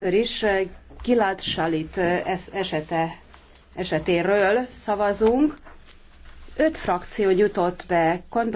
is eh, Gilad Shalit eh, esete, esetéről szavazunk. Öt frakció jutott be